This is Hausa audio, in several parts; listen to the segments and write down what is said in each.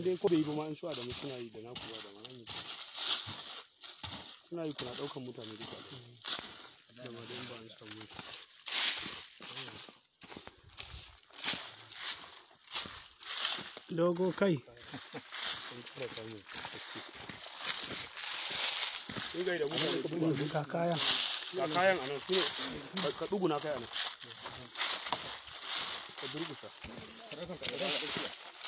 in dai ko bai yi ba ma in su adamu suna yi da naku ba da ma nan suna yi kuna ɗaukan mutane duka da ma don ba an samu shi dogo kai kakayan kayan ga kayan a nan sune ka duguna kai a nan ka durgusa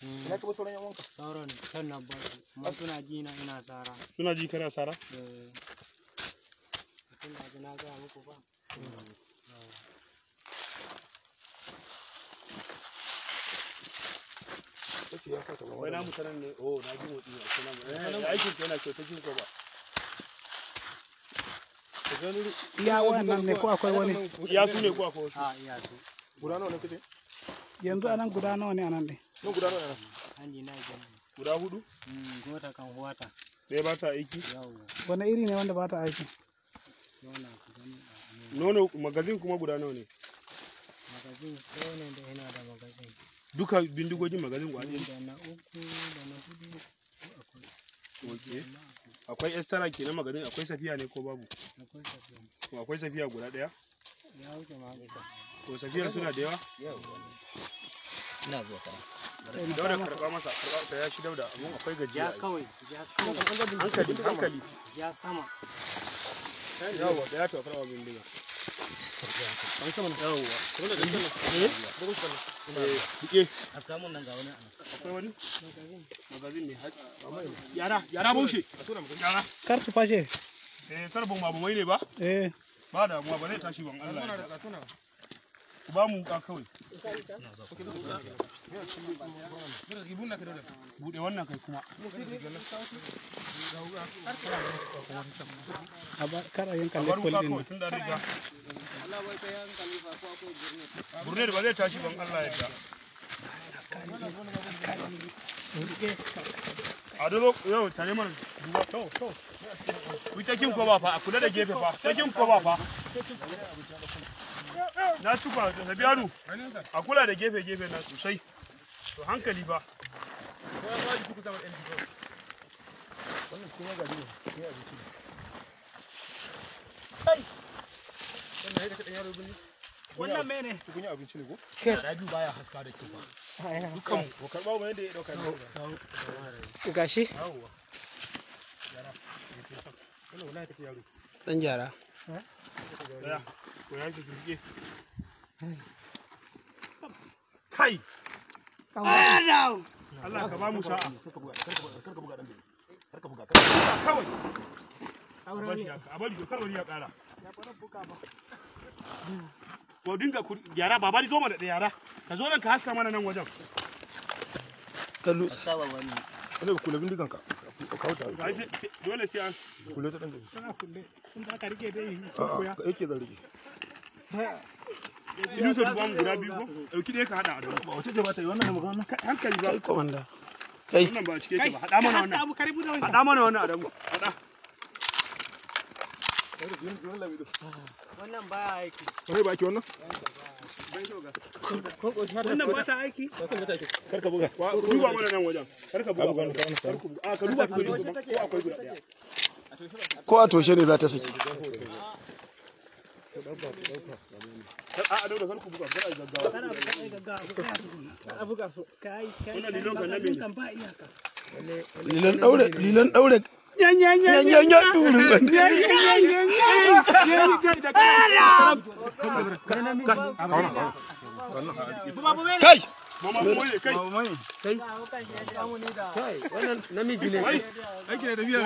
ina ka sauran yan wanka sauran na ba su suna ji na ina sara suna ji kana sara eh da na ga muku ba ya sa ta wani namu sanan ne oh na ji motsi a namu aikin ta yana ce ta ko ba iya wannan ne ko akwai wani iya su ne ko akwai wasu a ah, iya su guda nawa ne kace yanzu anan guda nawa ne anan ne Mun guda nawa gani. Guda hudu? gota mm, kan huwata. Ɗaya ba ta aiki? iri ne wanda ba ta aiki? Nono magazin kuma guda nawa ne? Magazin ne da yana da magazin. Duka bindigogin magazin kwa Da na uku da na hudu akwai. Akwai estara ke na magazin akwai safiya ne ko babu? Akwai safiya. Akwai safiya guda ɗaya? Ya wuce ma Ko safiya suna da yawa? Yawa. Ina zuwa kana. dauda karba masa karba ta ya shi dauda mun akwai gajiya ya kawai ya kawai hankali hankali ya sama yawa da ya to karba min an sama yawa dole da sama eh bugun sama eh dike afka mun nan ga wani akwai wani magazin ne yara yara bushe yara kar su fashe eh kar ne ba eh ba damuwa ba zai tashi ban Allah ya ku ba mu wuka kawai buɗe wannan kai kuma a yanka lekwal burne da ba zai tashi ban Allah ya da a duro yau ta neman duba kyau. to ku kin ko ba fa a kula da gefe fa ta kin ko ba fa na cuka da biyaru a kula da gefe gefe na sosai to hankali ba Hey! Wannan yadda kaɗan yaro gani? wannan mene tukunya abinci ne ko baya haska da kifa dukan ko karba mu ya dauka ne gashi dan ko ya kai ah, Allah ka ba mu karka buga dan karka buga kawai a bari ya kara ya fara ba to dinga yara babari zo mana da yara ka zo nan ka haska mana nan wajen ka lusa ta baba ne ka dole sai an ta dan kun da ka rike dai yake da rike duban guda biyu ko dauki dai ka hada a ba wace ta yi wannan da magana hankali ba kai kai wannan ba cike ba hada mana wannan hada mana wannan adamu hada wannan baya aiki wannan ba ta aiki kar ka nan wajen kar ka buga a ka duba ko akwai guda ko a toshe ne za ta saki so lilan daure kai kai kai kai wannan namiji ne